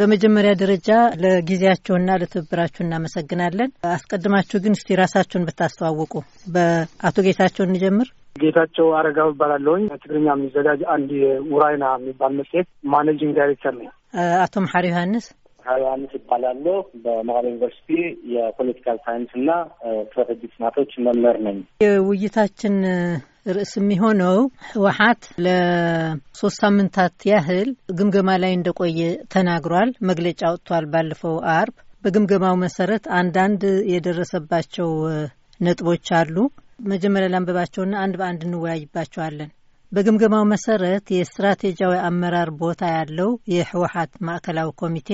በመጀመሪያ ደረጃ ለጊዜያቸውና ለትብብራችሁ እናመሰግናለን። አስቀድማችሁ ግን እስቲ ራሳችሁን ብታስተዋውቁ በአቶ ጌታቸው እንጀምር። ጌታቸው አረጋው እባላለሁኝ። ትግርኛ የሚዘጋጅ አንድ ውራይና የሚባል መጽሔት ማኔጂንግ ዳይሬክተር ነኝ። አቶ መሐሪ ዮሐንስ ሀያ ዮሐንስ ይባላለሁ። በመቀለ ዩኒቨርሲቲ የፖለቲካል ሳይንስ እና ስትራቴጂ ጥናቶች መምህር ነኝ። የውይይታችን ርዕስ የሚሆነው ህወሀት ለሶስት ሳምንታት ያህል ግምገማ ላይ እንደቆየ ተናግሯል። መግለጫ አውጥቷል ባለፈው አርብ። በግምገማው መሰረት አንዳንድ የደረሰባቸው ነጥቦች አሉ። መጀመሪያ ላንብባቸውና አንድ በአንድ እንወያይባቸዋለን። በግምገማው መሰረት የስትራቴጂያዊ አመራር ቦታ ያለው የህወሀት ማዕከላዊ ኮሚቴ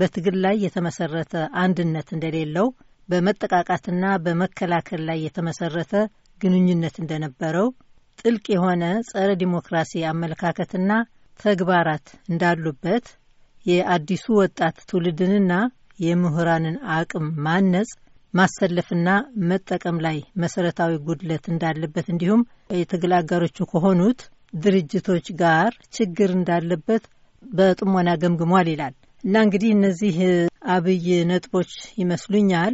በትግል ላይ የተመሰረተ አንድነት እንደሌለው በመጠቃቃትና በመከላከል ላይ የተመሰረተ ግንኙነት እንደነበረው ጥልቅ የሆነ ጸረ ዲሞክራሲ አመለካከትና ተግባራት እንዳሉበት የአዲሱ ወጣት ትውልድንና የምሁራንን አቅም ማነጽ ማሰለፍና መጠቀም ላይ መሰረታዊ ጉድለት እንዳለበት እንዲሁም የትግል አጋሮቹ ከሆኑት ድርጅቶች ጋር ችግር እንዳለበት በጥሞና ገምግሟል ይላል። እና እንግዲህ እነዚህ አብይ ነጥቦች ይመስሉኛል።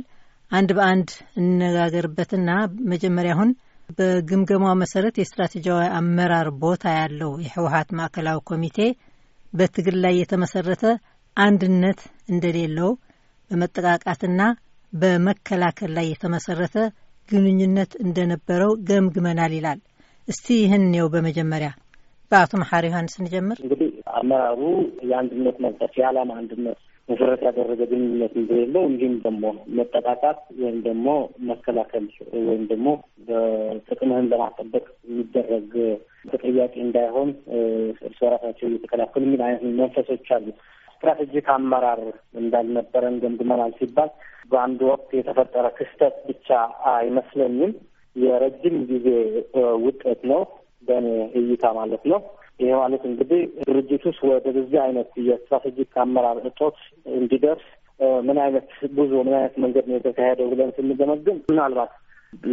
አንድ በአንድ እንነጋገርበትና መጀመሪያ አሁን በግምገማው መሰረት የስትራቴጂያዊ አመራር ቦታ ያለው የህወሀት ማዕከላዊ ኮሚቴ በትግል ላይ የተመሰረተ አንድነት እንደሌለው በመጠቃቃትና በመከላከል ላይ የተመሰረተ ግንኙነት እንደነበረው ገምግመናል ይላል። እስቲ ይህን ነው በመጀመሪያ በአቶ መሐሪ ዮሐንስ እንጀምር። እንግዲህ አመራሩ የአንድነት መንፈስ የዓላማ አንድነት መሰረት ያደረገ ግንኙነት እንደሌለው እንዲሁም ደግሞ መጠቃቃት ወይም ደግሞ መከላከል ወይም ደግሞ በጥቅምህን ለማስጠበቅ የሚደረግ ተጠያቂ እንዳይሆን እርስ በራሳቸው እየተከላከሉ የሚል አይነት መንፈሶች አሉ። ስትራቴጂክ አመራር እንዳልነበረን ገምግመናል ሲባል በአንድ ወቅት የተፈጠረ ክስተት ብቻ አይመስለኝም። የረጅም ጊዜ ውጤት ነው በእኔ እይታ ማለት ነው። ይሄ ማለት እንግዲህ ድርጅት ውስጥ ወደ በዚህ አይነት የስትራቴጂክ አመራር እጦት እንዲደርስ ምን አይነት ጉዞ ምን አይነት መንገድ ነው የተካሄደው ብለን ስንገመግም ምናልባት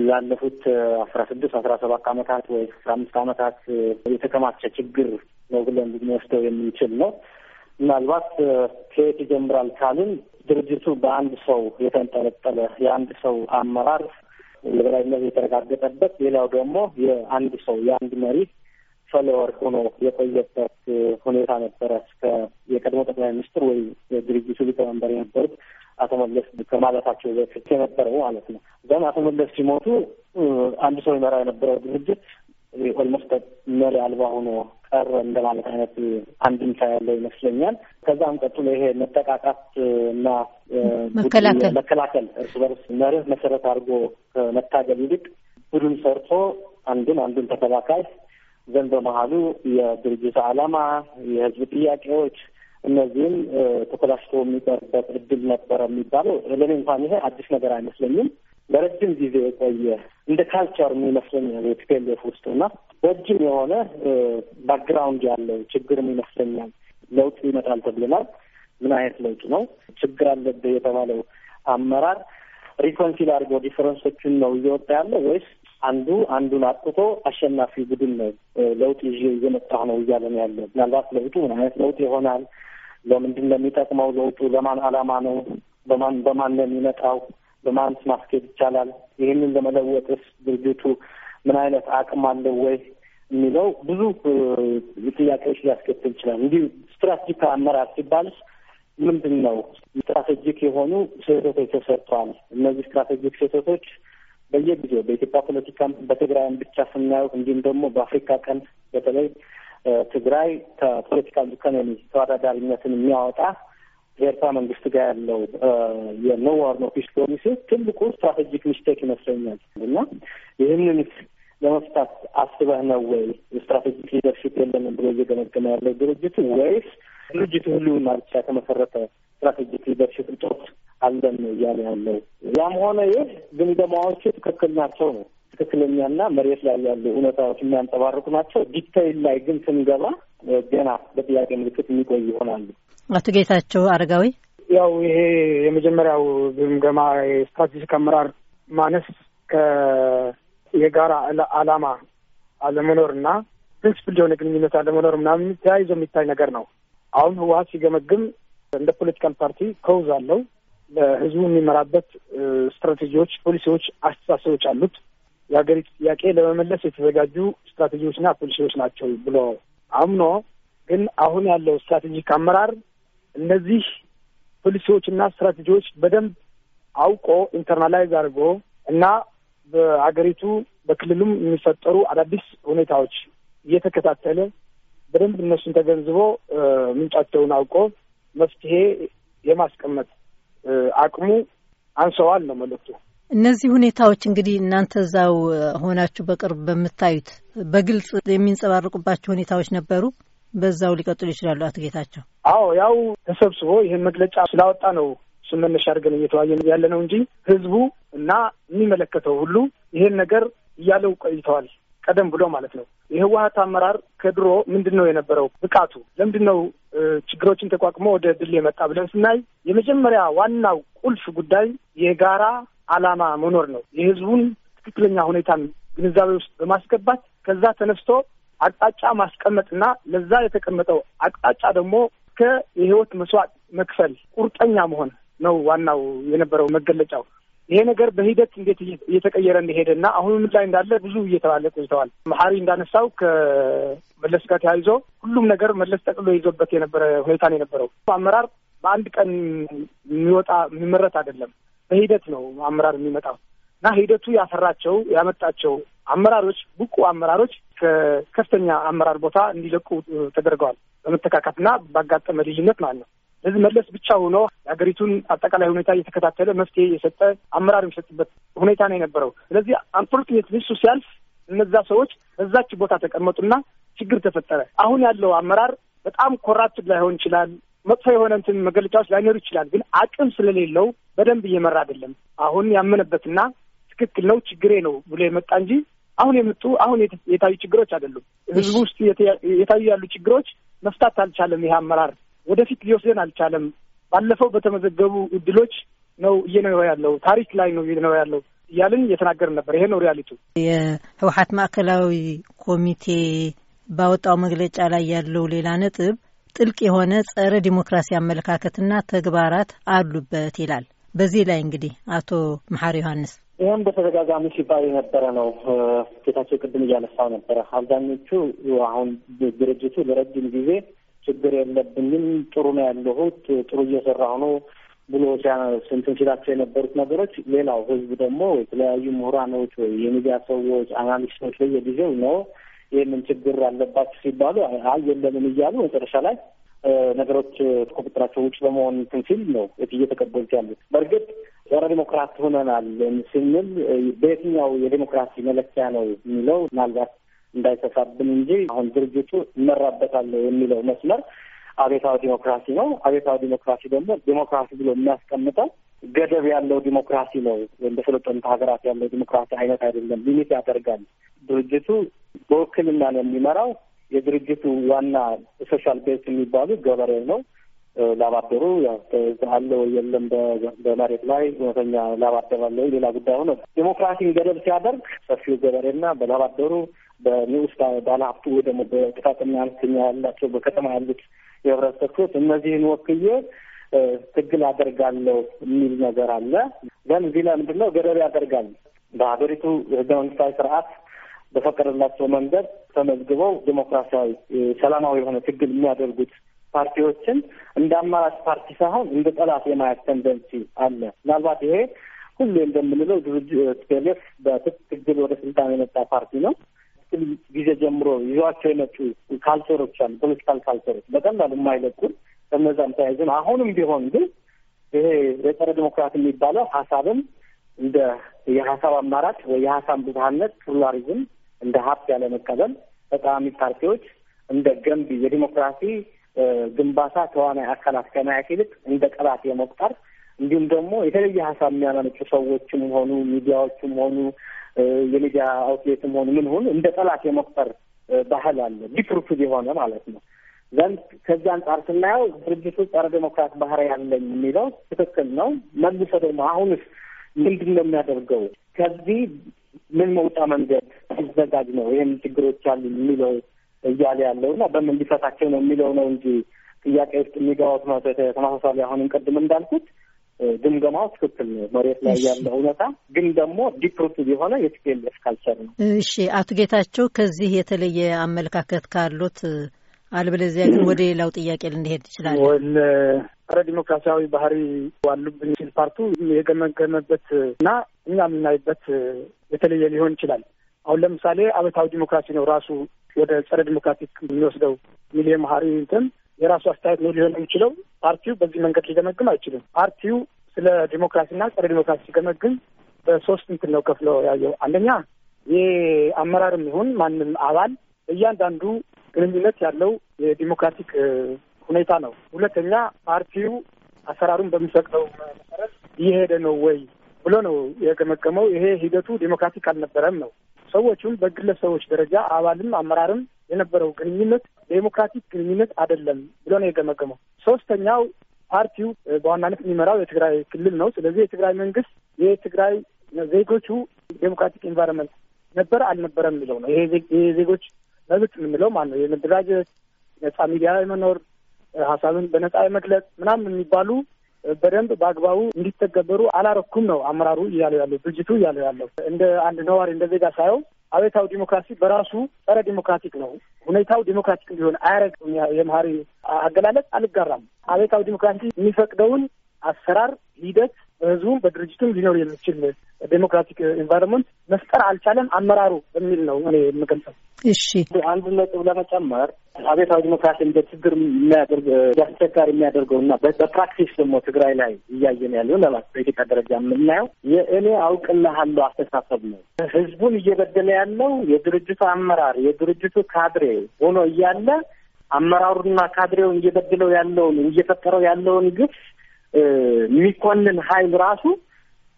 ላለፉት አስራ ስድስት አስራ ሰባት አመታት ወይ አስራ አምስት አመታት የተከማቸ ችግር ነው ብለን ልንወስደው የምንችል ነው። ምናልባት ከየት ይጀምራል ካልን ድርጅቱ በአንድ ሰው የተንጠለጠለ የአንድ ሰው አመራር የበላይነት የተረጋገጠበት፣ ሌላው ደግሞ የአንድ ሰው የአንድ መሪ ፈሎወር ሆኖ የቆየበት ሁኔታ ነበረ እስከ የቀድሞ ጠቅላይ ሚኒስትር ወይ የድርጅቱ ሊቀመንበር የነበሩት አቶ መለስ ከማለታቸው በፊት የነበረው ማለት ነው። እዛም አቶ መለስ ሲሞቱ አንድ ሰው ይመራ የነበረው ድርጅት ኦልሞስት መሪ አልባ ሆኖ ቀረ እንደማለት አይነት አንድምታ ያለው ይመስለኛል። ከዛም ቀጥሎ ይሄ መጠቃቃት እና መከላከል መከላከል እርስ በርስ መርህ መሰረት አድርጎ ከመታገል ይልቅ ቡድን ሰርቶ አንዱን አንዱን ተከላካይ ዘን በመሀሉ የድርጅት ዓላማ፣ የህዝብ ጥያቄዎች እነዚህም ተኮላሽቶ የሚቀርበት እድል ነበረ የሚባለው ለእኔ እንኳን ይሄ አዲስ ነገር አይመስለኝም። ለረጅም ጊዜ የቆየ እንደ ካልቸር ይመስለኛል የቲፒኤልኤፍ ውስጥ እና ረጅም የሆነ ባክግራውንድ ያለው ችግርም ይመስለኛል። ለውጥ ይመጣል ተብለናል። ምን አይነት ለውጥ ነው? ችግር አለብህ የተባለው አመራር ሪኮንሲል አድርጎ ዲፈረንሶችን ነው እየወጣ ያለው ወይስ አንዱ አንዱን አጥቶ አሸናፊ ቡድን ነው ለውጥ ይዤ እየመጣሁ ነው እያለ ነው ያለው። ምናልባት ለውጡ ምን አይነት ለውጥ ይሆናል? ለምንድን ነው የሚጠቅመው? ለውጡ ለማን ዓላማ ነው? በማን በማን ነው የሚመጣው? በማንስ ማስኬድ ይቻላል? ይህንን ለመለወጥስ ድርጅቱ ምን አይነት አቅም አለው ወይ የሚለው ብዙ ጥያቄዎች ሊያስከትል ይችላል። እንዲሁ ስትራቴጂክ አመራር ሲባል ምንድን ነው? ስትራቴጂክ የሆኑ ስህተቶች ተሰርተዋል። እነዚህ ስትራቴጂክ ስህተቶች በየጊዜው በኢትዮጵያ ፖለቲካም በትግራይም ብቻ ስናየው እንዲሁም ደግሞ በአፍሪካ ቀን በተለይ ትግራይ ከፖለቲካል ኢኮኖሚ ተወዳዳሪነትን የሚያወጣ ከኤርትራ መንግስት ጋር ያለው የኖ ዋር ኖ ፒስ ፖሊሲ ትልቁ ስትራቴጂክ ሚስቴክ ይመስለኛል እና ይህንን ለመፍታት አስበህ ነው ወይ ስትራቴጂክ ሊደርሽፕ የለንም ብሎ እየገመገመ ያለው ድርጅቱ ወይስ ድርጅቱ ሁሉን ማርቻ የተመሰረተ ስትራቴጂክ ሊደርሽፕ ጦት አለን እያለ ያለው። ያም ሆነ ይህ ግምገማዎቹ ትክክል ናቸው ነው ትክክለኛና መሬት ላይ ያሉ እውነታዎች የሚያንጸባርቁ ናቸው። ዲታይል ላይ ግን ስንገባ ገና በጥያቄ ምልክት የሚቆይ ይሆናሉ። አቶ ጌታቸው አረጋዊ፣ ያው ይሄ የመጀመሪያው ግምገማ የስትራቴጂክ አመራር ማነስ ከየጋራ አላማ አለመኖር እና ፕሪንስፕል የሆነ ግንኙነት አለመኖር ምናምን ተያይዞ የሚታይ ነገር ነው። አሁን ህወሀት ሲገመግም እንደ ፖለቲካል ፓርቲ ከውዝ አለው ለህዝቡ የሚመራበት ስትራቴጂዎች፣ ፖሊሲዎች፣ አስተሳሰቦች አሉት። የሀገሪቱ ጥያቄ ለመመለስ የተዘጋጁ ስትራቴጂዎችና ፖሊሲዎች ናቸው ብሎ አምኖ ግን አሁን ያለው ስትራቴጂክ አመራር እነዚህ ፖሊሲዎችና ስትራቴጂዎች በደንብ አውቆ ኢንተርናላይዝ አድርጎ እና በሀገሪቱ በክልሉም የሚፈጠሩ አዳዲስ ሁኔታዎች እየተከታተለ በደንብ እነሱን ተገንዝቦ ምንጫቸውን አውቆ መፍትሄ የማስቀመጥ አቅሙ አንሰዋል ነው መልእክቱ። እነዚህ ሁኔታዎች እንግዲህ እናንተ እዛው ሆናችሁ በቅርብ በምታዩት በግልጽ የሚንጸባረቁባቸው ሁኔታዎች ነበሩ። በዛው ሊቀጥሉ ይችላሉ። አቶ ጌታቸው፣ አዎ ያው ተሰብስቦ ይህን መግለጫ ስላወጣ ነው ስመነሻ አድርገን እየተዋየ ያለ ነው እንጂ ህዝቡ እና የሚመለከተው ሁሉ ይሄን ነገር እያለው ቆይተዋል። ቀደም ብሎ ማለት ነው። የህወሀት አመራር ከድሮ ምንድን ነው የነበረው ብቃቱ? ለምንድን ነው ችግሮችን ተቋቁሞ ወደ ድል የመጣ ብለን ስናይ የመጀመሪያ ዋናው ቁልፍ ጉዳይ የጋራ ዓላማ መኖር ነው። የህዝቡን ትክክለኛ ሁኔታን ግንዛቤ ውስጥ በማስገባት ከዛ ተነስቶ አቅጣጫ ማስቀመጥና ለዛ የተቀመጠው አቅጣጫ ደግሞ ከየህይወት መስዋዕት መክፈል ቁርጠኛ መሆን ነው ዋናው የነበረው መገለጫው። ይሄ ነገር በሂደት እንዴት እየተቀየረ እንደሄደ እና አሁንም ላይ እንዳለ ብዙ እየተባለ ቆይተዋል። መሀሪ እንዳነሳው ከመለስ ጋር ተያይዞ ሁሉም ነገር መለስ ጠቅሎ ይዞበት የነበረ ሁኔታ ነው የነበረው። አመራር በአንድ ቀን የሚወጣ የሚመረት አይደለም፣ በሂደት ነው አመራር የሚመጣው እና ሂደቱ ያፈራቸው ያመጣቸው አመራሮች ብቁ አመራሮች ከከፍተኛ አመራር ቦታ እንዲለቁ ተደርገዋል። በመተካካትና ባጋጠመ ልዩነት ማለት ነው። ስለዚህ መለስ ብቻ ሆኖ የሀገሪቱን አጠቃላይ ሁኔታ እየተከታተለ መፍትሄ የሰጠ አመራር የሚሰጥበት ሁኔታ ነው የነበረው። ስለዚህ አንፎርኔት ልሱ ሲያልፍ እነዛ ሰዎች በዛች ቦታ ተቀመጡና ችግር ተፈጠረ። አሁን ያለው አመራር በጣም ኮራፕት ላይሆን ይችላል መጥፎ የሆነ እንትን መገለጫዎች ላይኖሩ ይችላል። ግን አቅም ስለሌለው በደንብ እየመራ አይደለም። አሁን ያመነበትና ትክክል ነው ችግሬ ነው ብሎ የመጣ እንጂ አሁን የመጡ አሁን የታዩ ችግሮች አይደሉም። ህዝቡ ውስጥ የታዩ ያሉ ችግሮች መፍታት አልቻለም ይህ አመራር ወደፊት ሊወስደን አልቻለም። ባለፈው በተመዘገቡ እድሎች ነው እየኖረ ያለው ታሪክ ላይ ነው እየኖረ ያለው እያልን እየተናገርን ነበር። ይሄ ነው ሪያሊቱ። የህወሀት ማዕከላዊ ኮሚቴ ባወጣው መግለጫ ላይ ያለው ሌላ ነጥብ ጥልቅ የሆነ ጸረ ዲሞክራሲ አመለካከትና ተግባራት አሉበት ይላል። በዚህ ላይ እንግዲህ አቶ መሐር ዮሐንስ ይህም በተደጋጋሚ ሲባል የነበረ ነው። ጌታቸው ቅድም እያነሳው ነበረ። አብዛኞቹ አሁን ድርጅቱ ለረጅም ጊዜ ችግር የለብኝም፣ ጥሩ ነው ያለሁት፣ ጥሩ እየሰራሁ ነው ብሎ ስንትን ሲላቸው የነበሩት ነገሮች ሌላው ህዝብ ደግሞ የተለያዩ ምሁራኖች ወይ የሚዲያ ሰዎች አናሊስቶች ላይ የጊዜው ነው ይህንን ችግር አለባቸው ሲባሉ አይ የለምን እያሉ መጨረሻ ላይ ነገሮች ቁጥጥራቸው ውጭ በመሆን እንትን ሲል ነው እየተቀበሉት ያሉት። በእርግጥ ጸረ ዲሞክራት ሆነናል ስንል በየትኛው የዲሞክራሲ መለኪያ ነው የሚለው ምናልባት እንዳይሰፋብን እንጂ አሁን ድርጅቱ እመራበታለሁ የሚለው መስመር አቤታዊ ዲሞክራሲ ነው። አቤታዊ ዲሞክራሲ ደግሞ ዲሞክራሲ ብሎ የሚያስቀምጠው ገደብ ያለው ዲሞክራሲ ነው ወይም በሰለጠኑት ሀገራት ያለው ዲሞክራሲ አይነት አይደለም። ሊሚት ያደርጋል። ድርጅቱ በውክልና ነው የሚመራው። የድርጅቱ ዋና ሶሻል ቤዝ የሚባሉ ገበሬው ነው። ላባደሩ አለ የለም በመሬት ላይ እውነተኛ ላባደር አለ ሌላ ጉዳይ ሆኖ ዲሞክራሲን ገደብ ሲያደርግ ሰፊው ገበሬና በላባደሩ በንዑስ ባለሀብቱ ደግሞ በጥቃቅንና አነስተኛ ያላቸው በከተማ ያሉት የህብረተሰብ ክፍሎች እነዚህን ወክዬ ትግል አደርጋለሁ የሚል ነገር አለ። ግን እዚህ ላይ ምንድነው ገደብ ያደርጋል። በሀገሪቱ ህገ መንግስታዊ ስርዓት በፈቀደላቸው መንገድ ተመዝግበው ዴሞክራሲያዊ ሰላማዊ የሆነ ትግል የሚያደርጉት ፓርቲዎችን እንደ አማራጭ ፓርቲ ሳይሆን እንደ ጠላት የማየት ተንደንሲ አለ። ምናልባት ይሄ ሁሌ እንደምንለው ድርጅ ቴሌፍ በትግል ወደ ስልጣን የመጣ ፓርቲ ነው። ከትግል ጊዜ ጀምሮ ይዟቸው የመጡ ካልቸሮች አሉ፣ ፖለቲካል ካልቸሮች በቀላሉ የማይለቁን በነዛም ተያይዘን አሁንም ቢሆን ግን ይሄ የጸረ ዲሞክራት የሚባለው ሀሳብን እንደ የሀሳብ አማራጭ ወይ የሀሳብ ብዝሀነት ፕሉራሊዝም እንደ ሀብት ያለ መቀበል ተቃዋሚ ፓርቲዎች እንደ ገንቢ የዲሞክራሲ ግንባታ ተዋናይ አካላት ከማየት ይልቅ እንደ ጠላት የመቁጠር እንዲሁም ደግሞ የተለየ ሀሳብ የሚያመነጩ ሰዎችም ሆኑ ሚዲያዎችም ሆኑ የሚዲያ አውትሌትም ሆኑ ምን ሁን እንደ ጠላት የመቁጠር ባህል አለ ዲፕሩትድ የሆነ ማለት ነው ዘንድ ከዚህ አንጻር ስናየው ድርጅቱ ጸረ ዴሞክራት ባህሪ ያለኝ የሚለው ትክክል ነው። መልሶ ደግሞ አሁንስ ምንድን ነው የሚያደርገው? ከዚህ ምን መውጫ መንገድ ሲዘጋጅ ነው ይህም ችግሮች አሉ የሚለው እያለ ያለው እና በምን ሊፈታቸው ነው የሚለው ነው እንጂ ጥያቄ ውስጥ የሚገባው ተመሳሳይ አሁንም ቅድም እንዳልኩት ግምገማው ትክክል ነው፣ መሬት ላይ ያለ እውነታ ግን ደግሞ ዲፕሩቲቭ የሆነ የቲፒኤልኤፍ ካልቸር ነው። እሺ አቶ ጌታቸው ከዚህ የተለየ አመለካከት ካሉት አልበለዚያ ግን ወደ ሌላው ጥያቄ ልንሄድ ይችላል። ጸረ ዲሞክራሲያዊ ባህሪ ዋሉብን ሲል ፓርቱ የገመገመበት እና እኛ የምናይበት የተለየ ሊሆን ይችላል። አሁን ለምሳሌ አበታዊ ዲሞክራሲ ነው ራሱ ወደ ጸረ ዲሞክራቲክ የሚወስደው ሚሊየ መሀሪ እንትን የራሱ አስተያየት ነው ሊሆን የሚችለው። ፓርቲው በዚህ መንገድ ሊገመግም አይችልም። ፓርቲው ስለ ዲሞክራሲና ጸረ ዲሞክራሲ ሲገመግም በሶስት እንትን ነው ከፍሎ ያየው። አንደኛ አመራርም ይሁን ማንም አባል እያንዳንዱ ግንኙነት ያለው የዲሞክራቲክ ሁኔታ ነው። ሁለተኛ ፓርቲው አሰራሩን በሚፈቅደው መሰረት እየሄደ ነው ወይ ብሎ ነው የገመገመው። ይሄ ሂደቱ ዲሞክራቲክ አልነበረም ነው። ሰዎቹም በግለሰቦች ደረጃ አባልም አመራርም የነበረው ግንኙነት ዴሞክራቲክ ግንኙነት አይደለም ብሎ ነው የገመገመው። ሶስተኛው ፓርቲው በዋናነት የሚመራው የትግራይ ክልል ነው። ስለዚህ የትግራይ መንግስት የትግራይ ዜጎቹ ዴሞክራቲክ ኤንቫይሮንመንት ነበረ አልነበረም የሚለው ነው። ይሄ ዜጎች መብት የምንለው ማለት ነው የመደራጀት ነጻ ሚዲያ የመኖር ሀሳብን በነጻ የመግለጽ ምናምን የሚባሉ በደንብ በአግባቡ እንዲተገበሩ አላረኩም ነው አመራሩ እያለው ያለው ድርጅቱ እያለው ያለው እንደ አንድ ነዋሪ እንደ ዜጋ ሳየው አቤታው ዲሞክራሲ በራሱ ጸረ ዲሞክራቲክ ነው። ሁኔታው ዲሞክራቲክ እንዲሆን አያረግም። የመሀሪ አገላለጽ አልጋራም። አቤታው ዲሞክራሲ የሚፈቅደውን አሰራር ሂደት በህዝቡም በድርጅቱም ሊኖር የሚችል ዴሞክራቲክ ኤንቫይሮንመንት መፍጠር አልቻለም አመራሩ በሚል ነው እኔ የምገልጸው። እሺ አንዱ ነጥብ ለመጨመር አቤታዊ ዲሞክራሲ እንደ ችግር የሚያደርግ አስቸጋሪ የሚያደርገው እና በፕራክቲስ ደግሞ ትግራይ ላይ እያየን ያለው ለማለት በኢትዮጵያ ደረጃ የምናየው የእኔ አውቅልሃለሁ አስተሳሰብ ነው። ህዝቡን እየበደለ ያለው የድርጅቱ አመራር የድርጅቱ ካድሬ ሆኖ እያለ አመራሩና ካድሬውን እየበድለው ያለውን እየፈጠረው ያለውን ግፍ የሚኮንን ሀይል ራሱ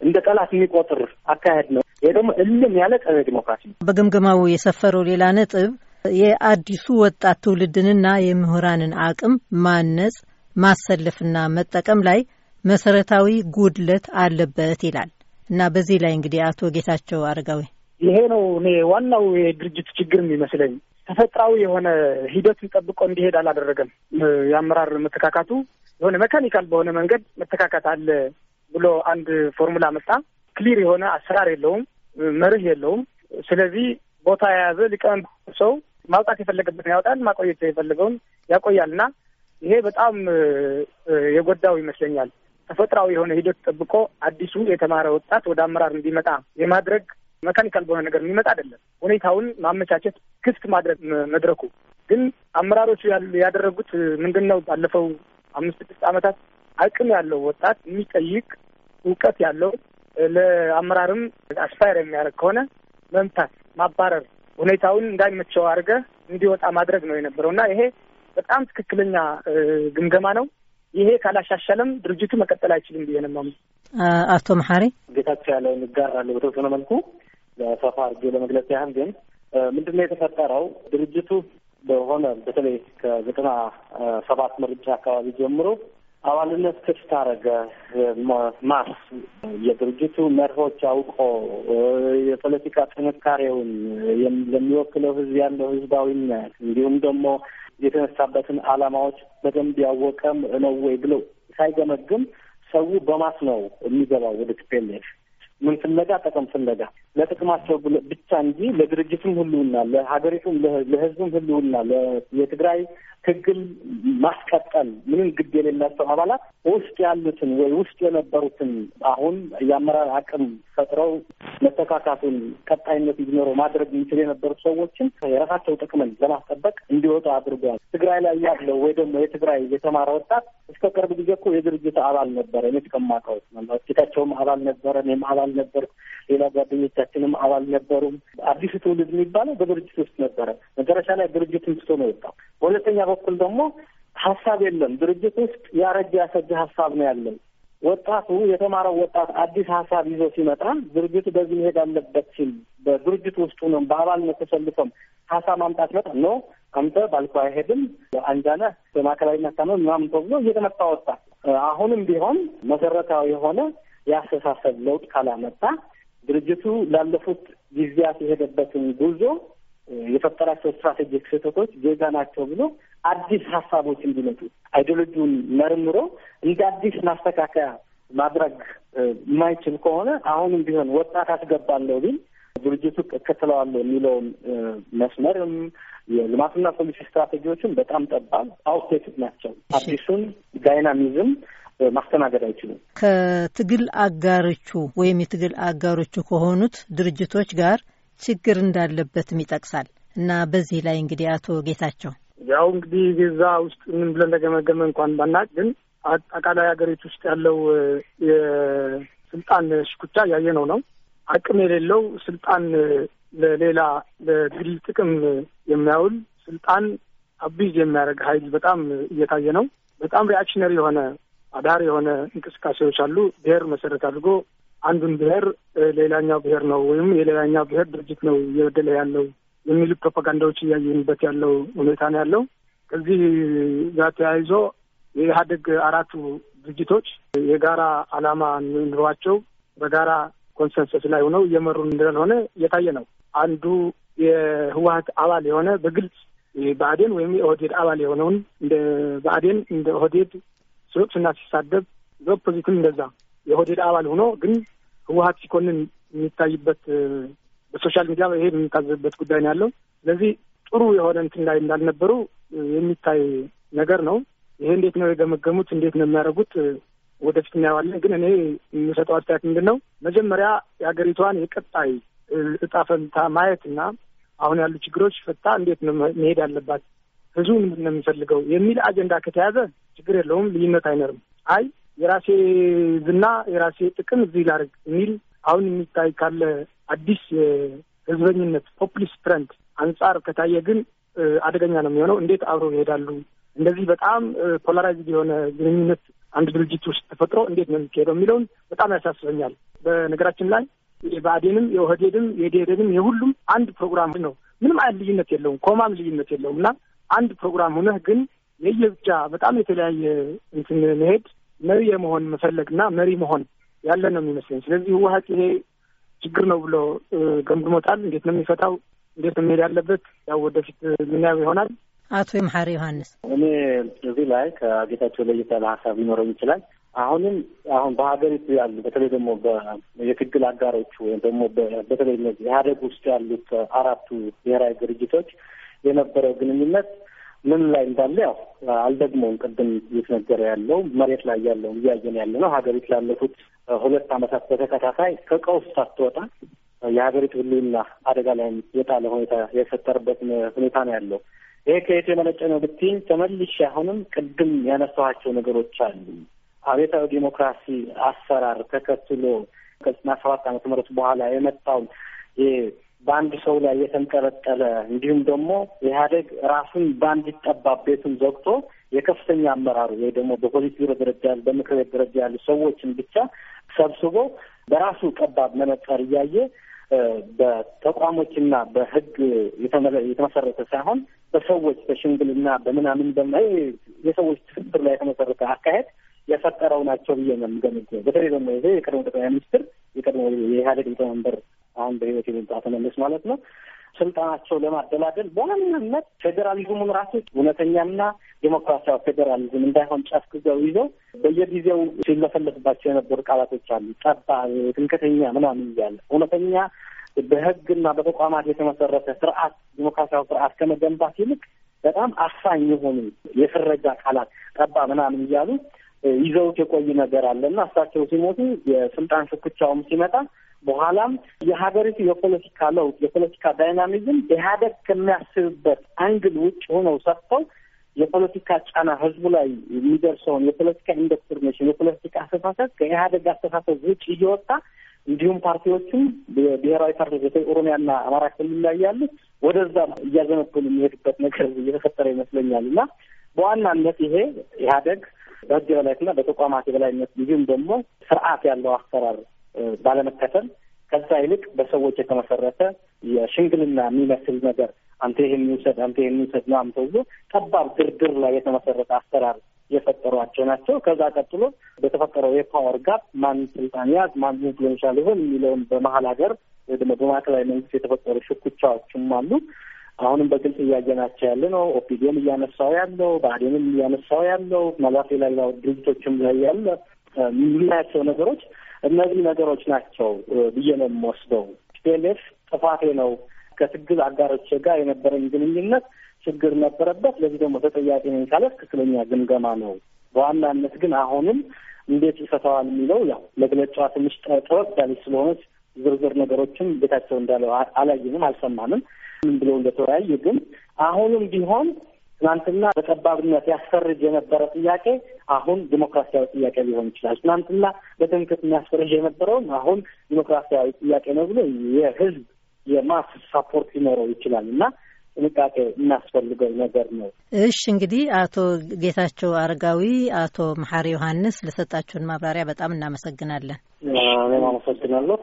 እንደ ጠላት የሚቆጥር አካሄድ ነው። ይሄ ደግሞ እልም ያለ ጸረ ዲሞክራሲ ነው። በግምገማው የሰፈረው ሌላ ነጥብ የአዲሱ ወጣት ትውልድንና የምሁራንን አቅም ማነጽ ማሰለፍና መጠቀም ላይ መሰረታዊ ጉድለት አለበት ይላል እና በዚህ ላይ እንግዲህ አቶ ጌታቸው አረጋዊ ይሄ ነው እኔ ዋናው የድርጅት ችግር የሚመስለኝ። ተፈጥሯዊ የሆነ ሂደቱን ጠብቆ እንዲሄድ አላደረገም። የአመራር መተካካቱ የሆነ መካኒካል በሆነ መንገድ መተካካት አለ ብሎ አንድ ፎርሙላ መጣ። ክሊር የሆነ አሰራር የለውም፣ መርህ የለውም። ስለዚህ ቦታ የያዘ ሊቀመንበር ሰው ማውጣት የፈለገበትን ያወጣል፣ ማቆየት የፈለገውን ያቆያል እና ይሄ በጣም የጎዳው ይመስለኛል። ተፈጥሯዊ የሆነ ሂደት ጠብቆ አዲሱ የተማረ ወጣት ወደ አመራር እንዲመጣ የማድረግ መካኒካል በሆነ ነገር የሚመጣ አይደለም። ሁኔታውን ማመቻቸት፣ ክፍት ማድረግ መድረኩ ግን አመራሮቹ ያደረጉት ምንድን ነው? ባለፈው አምስት ስድስት ዓመታት አቅም ያለው ወጣት የሚጠይቅ እውቀት ያለው ለአመራርም አስፋየር የሚያደርግ ከሆነ መምታት፣ ማባረር፣ ሁኔታውን እንዳይመቸው አድርገ እንዲወጣ ማድረግ ነው የነበረው እና ይሄ በጣም ትክክለኛ ግምገማ ነው። ይሄ ካላሻሻለም ድርጅቱ መቀጠል አይችልም ብዬ ነው የማምነው። አቶ መሐሪ ጌታቸው ያለው እንጋራለሁ በተወሰነ መልኩ ሰፋ አድርጌ ለመግለጽ ያህል ግን ምንድነው የተፈጠረው ድርጅቱ በሆነ በተለይ ከዘጠና ሰባት ምርጫ አካባቢ ጀምሮ አባልነት ክፍት አረገ። ማስ የድርጅቱ መርሆች አውቆ የፖለቲካ ጥንካሬውን ለሚወክለው ህዝብ ያለው ህዝባዊነት እንዲሁም ደግሞ የተነሳበትን አላማዎች በደንብ ያወቀም ነው ወይ ብሎ ሳይገመግም ሰው በማስ ነው የሚገባው ወደ ቲፒኤልኤፍ ምን ፍለጋ፣ ጥቅም ፍለጋ ለጥቅማቸው ብቻ እንጂ ለድርጅትም ህልውና ለሀገሪቱም ለህዝቡም ህልውና የትግራይ ትግል ማስቀጠል ምንም ግድ የሌላቸው አባላት ውስጥ ያሉትን ወይ ውስጥ የነበሩትን አሁን የአመራር አቅም ፈጥረው መተካካቱን ቀጣይነት እንዲኖረው ማድረግ የሚችል የነበሩት ሰዎችን የራሳቸው ጥቅምን ለማስጠበቅ እንዲወጡ አድርገዋል። ትግራይ ላይ ያለው ወይ ደግሞ የትግራይ የተማረ ወጣት እስከ ቅርብ ጊዜ እኮ የድርጅት አባል ነበረ። እኔ እስከማውቀው ጌታቸውም አባል ነበረ፣ እኔም አባል ነበርኩ። ሌላ ጓደኞቻችንም አባል ነበሩም። አዲሱ ትውልድ የሚባለው በድርጅት ውስጥ ነበረ። መጨረሻ ላይ ድርጅትን ትቶ ነው የወጣው። በሁለተኛ በኩል ደግሞ ሀሳብ የለም። ድርጅት ውስጥ ያረጀ ያሰጀ ሀሳብ ነው ያለን። ወጣቱ የተማረው ወጣት አዲስ ሀሳብ ይዞ ሲመጣ ድርጅቱ በዚህ መሄድ አለበት ሲል በድርጅቱ ውስጥ ሆኖም በአባልነት ተሰልፎም ሀሳብ ማምጣት መጣ ነው አንተ ባልኮ አይሄድም አንጃነ በማዕከላዊ ታመ ምናምን ተብሎ እየተመጣ ወጣ። አሁንም ቢሆን መሰረታዊ የሆነ የአስተሳሰብ ለውጥ ካላመጣ ድርጅቱ ላለፉት ጊዜያት የሄደበትን ጉዞ የፈጠራቸው ስትራቴጂክ ስህተቶች ዜጋ ናቸው ብሎ አዲስ ሀሳቦች እንዲመጡ አይዲዮሎጂውን መርምሮ እንደ አዲስ ማስተካከያ ማድረግ የማይችል ከሆነ አሁንም ቢሆን ወጣት አስገባለሁ ግን ድርጅቱ እከተለዋለሁ የሚለውን መስመርም የልማትና ፖሊሲ ስትራቴጂዎችን በጣም ጠባብ አውትዴትድ ናቸው። አዲሱን ዳይናሚዝም ማስተናገድ አይችሉም። ከትግል አጋሮቹ ወይም የትግል አጋሮቹ ከሆኑት ድርጅቶች ጋር ችግር እንዳለበትም ይጠቅሳል እና በዚህ ላይ እንግዲህ አቶ ጌታቸው ያው እንግዲህ ዛ ውስጥ ምን ብለን እንደገመገመ እንኳን ባናቅ፣ ግን አጠቃላይ ሀገሪቱ ውስጥ ያለው የስልጣን ሽኩቻ ያየነው ነው። አቅም የሌለው ስልጣን ለሌላ ለግል ጥቅም የሚያውል ስልጣን አቢዝ የሚያደርግ ሀይል በጣም እየታየ ነው። በጣም ሪአክሽነሪ የሆነ አዳር የሆነ እንቅስቃሴዎች አሉ። ብሔር መሰረት አድርጎ አንዱን ብሔር ሌላኛው ብሔር ነው ወይም የሌላኛው ብሔር ድርጅት ነው እየበደለ ያለው የሚሉ ፕሮፓጋንዳዎች እያየንበት ያለው ሁኔታ ነው ያለው። ከዚህ ጋር ተያይዞ የኢህአደግ አራቱ ድርጅቶች የጋራ ዓላማ ኑሯቸው በጋራ ኮንሰንሰስ ላይ ሆነው እየመሩ እንዳልሆነ እየታየ ነው። አንዱ የህወሀት አባል የሆነ በግልጽ ብአዴን ወይም የኦህዴድ አባል የሆነውን እንደ ብአዴን እንደ ኦህዴድ ሲወቅስና ሲሳደብ በኦፖዚትም እንደዛ የኦህዴድ አባል ሆኖ ግን ህወሀት ሲኮንን የሚታይበት በሶሻል ሚዲያ ይሄ የሚታዘብበት ጉዳይ ነው ያለው። ስለዚህ ጥሩ የሆነ እንትን ላይ እንዳልነበሩ የሚታይ ነገር ነው። ይሄ እንዴት ነው የገመገሙት? እንዴት ነው የሚያደርጉት? ወደፊት እናየዋለን። ግን እኔ የምሰጠው አስተያየት ምንድን ነው፣ መጀመሪያ የሀገሪቷን የቀጣይ እጣ ፈንታ ማየት እና አሁን ያሉ ችግሮች ፈታ እንዴት ነው መሄድ አለባት፣ ህዝቡ ምንድን ነው የሚፈልገው የሚል አጀንዳ ከተያዘ ችግር የለውም፣ ልዩነት አይኖርም። አይ የራሴ ዝና የራሴ ጥቅም እዚህ ላርግ የሚል አሁን የሚታይ ካለ አዲስ የህዝበኝነት ፖፕሊስ ትረንድ አንጻር ከታየ ግን አደገኛ ነው የሚሆነው። እንዴት አብረው ይሄዳሉ? እንደዚህ በጣም ፖላራይዝድ የሆነ ግንኙነት አንድ ድርጅት ውስጥ ተፈጥሮ እንዴት ነው የሚካሄደው የሚለውን በጣም ያሳስበኛል። በነገራችን ላይ የብአዴንም፣ የኦህዴድም፣ የዴደንም የሁሉም አንድ ፕሮግራም ነው። ምንም አይነት ልዩነት የለውም። ኮማም ልዩነት የለውም እና አንድ ፕሮግራም ሆነህ ግን የየብቻ በጣም የተለያየ እንትን መሄድ መሪ የመሆን መፈለግና መሪ መሆን ያለ ነው የሚመስለኝ። ስለዚህ ህወሀት ይሄ ችግር ነው ብሎ ገምግሞታል። እንዴት ነው የሚፈታው? እንዴት ነው መሄድ ያለበት? ያው ወደፊት የምናየው ይሆናል። አቶ የመሐሪ ዮሐንስ፣ እኔ እዚህ ላይ ከጌታቸው ለየት ያለ ሀሳብ ሊኖረው ይችላል። አሁንም አሁን በሀገሪቱ ያሉ በተለይ ደግሞ የትግል አጋሮቹ ወይም ደግሞ በተለይ ኢህአዴግ ውስጥ ያሉት አራቱ ብሔራዊ ድርጅቶች የነበረው ግንኙነት ምን ላይ እንዳለ ያው አልደግሞም። ቅድም እየተነገረ ያለው መሬት ላይ ያለው እያየን ያለ ነው። ሀገሪቱ ላለፉት ሁለት ዓመታት በተከታታይ ከቀውስ ሳትወጣ የሀገሪቱ ሕልውና አደጋ ላይ የጣለ ሁኔታ የፈጠረበት ሁኔታ ነው ያለው። ይሄ ከየት የመነጨ ነው ብትይኝ፣ ተመልሼ አሁንም ቅድም ያነሳኋቸው ነገሮች አሉ። አቤታዊ ዲሞክራሲ አሰራር ተከትሎ ከጽና ሰባት ዓመተ ምህረት በኋላ የመጣው በአንድ ሰው ላይ የተንጠለጠለ እንዲሁም ደግሞ ኢህአዴግ ራሱን በአንድ ጠባብ ቤቱን ዘግቶ የከፍተኛ አመራሩ ወይ ደግሞ በፖሊስ ቢሮ ደረጃ ያሉ በምክር ቤት ደረጃ ያሉ ሰዎችን ብቻ ሰብስቦ በራሱ ጠባብ መነጽር እያየ በተቋሞችና በህግ የተመሰረተ ሳይሆን በሰዎች በሽምግልና በምናምን በ የሰዎች ትክክር ላይ የተመሰረተ አካሄድ የፈጠረው ናቸው ብዬ ነው የምገምገው። በተለይ ደግሞ የቀድሞ ጠቅላይ ሚኒስትር የቀድሞ የኢህአዴግ ሊቀመንበር አሁን በህይወት የመምጣት መለስ ማለት ነው ስልጣናቸው ለማደላደል በዋናነት ፌዴራሊዝሙን ራሱ እውነተኛና ዴሞክራሲያዊ ፌዴራሊዝም እንዳይሆን ጨፍቅገው ይዘው በየጊዜው ሲለፈለፍባቸው የነበሩ ቃላቶች አሉ። ጠባብ፣ ትንከተኛ ምናምን እያለ እውነተኛ በህግና በተቋማት የተመሰረተ ስርዓት ዴሞክራሲያዊ ስርዓት ከመገንባት ይልቅ በጣም አፋኝ የሆኑ የፍረጃ ቃላት ጠባ ምናምን እያሉ ይዘውት የቆይ ነገር አለ እና እሳቸው ሲሞቱ የስልጣን ሽኩቻውም ሲመጣ በኋላም የሀገሪቱ የፖለቲካ ለውጥ የፖለቲካ ዳይናሚዝም ኢህአዴግ ከሚያስብበት አንግል ውጭ ሆነው ሰጥተው የፖለቲካ ጫና ህዝቡ ላይ የሚደርሰውን የፖለቲካ ኢንዶክትሪኔሽን የፖለቲካ አስተሳሰብ ከኢህአዴግ አስተሳሰብ ውጭ እየወጣ እንዲሁም ፓርቲዎችም ብሔራዊ ፓርቲዎች በተለይ ኦሮሚያና አማራ ክልል ላይ ያሉ ወደዛ እያዘነበሉ የሚሄድበት ነገር እየተፈጠረ ይመስለኛል እና በዋናነት ይሄ ኢህአዴግ በህግ የበላይትና በተቋማት የበላይነት እንዲሁም ደግሞ ስርዓት ያለው አሰራር ባለመከተል ከዛ ይልቅ በሰዎች የተመሰረተ የሽንግልና የሚመስል ነገር አንተ ይህን ውሰድ፣ አንተ ይህን ውሰድ ምናምን ተብሎ ጠባብ ድርድር ላይ የተመሰረተ አሰራር የፈጠሯቸው ናቸው። ከዛ ቀጥሎ በተፈጠረው የፓወር ጋፕ ማን ስልጣን ያዝ ማን ኢንፍሉዌንሻል ይሆን የሚለውን በመሀል ሀገር ወይ ደግሞ በማዕከላዊ መንግስት የተፈጠሩ ሽኩቻዎችም አሉ። አሁንም በግልጽ እያየናቸው ያለ ነው። ኦፒዲዮም እያነሳው ያለው ባህዴንም እያነሳው ያለው መላፌ ላይ ድርጅቶችም ላይ ያለ የምናያቸው ነገሮች እነዚህ ነገሮች ናቸው ብዬ ነው የምወስደው። ፒኤልኤፍ ጥፋቴ ነው፣ ከትግል አጋሮች ጋር የነበረኝ ግንኙነት ችግር ነበረበት፣ ለዚህ ደግሞ ተጠያቂ ነኝ ካለ ትክክለኛ ግምገማ ነው። በዋናነት ግን አሁንም እንዴት ይፈታዋል የሚለው ያው መግለጫዋ ትንሽ ጠወቅ ያለች ስለሆነች ዝርዝር ነገሮችም ቤታቸው እንዳለው አላየንም፣ አልሰማንም። ምን ብሎ እንደተወያየ ግን አሁንም ቢሆን ትናንትና በጠባብነት ያስፈርጅ የነበረ ጥያቄ አሁን ዲሞክራሲያዊ ጥያቄ ሊሆን ይችላል። ትናንትና በትምክህት የሚያስፈርጅ የነበረውን አሁን ዲሞክራሲያዊ ጥያቄ ነው ብሎ የህዝብ የማስ ሳፖርት ሊኖረው ይችላል እና ጥንቃቄ የሚያስፈልገው ነገር ነው። እሽ እንግዲህ አቶ ጌታቸው አረጋዊ፣ አቶ መሐሪ ዮሐንስ ለሰጣችሁን ማብራሪያ በጣም እናመሰግናለን። እኔም አመሰግናለሁ።